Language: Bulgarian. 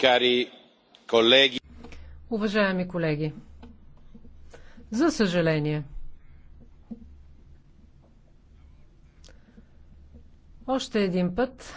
Кари колеги. Уважаеми колеги, за съжаление, още един път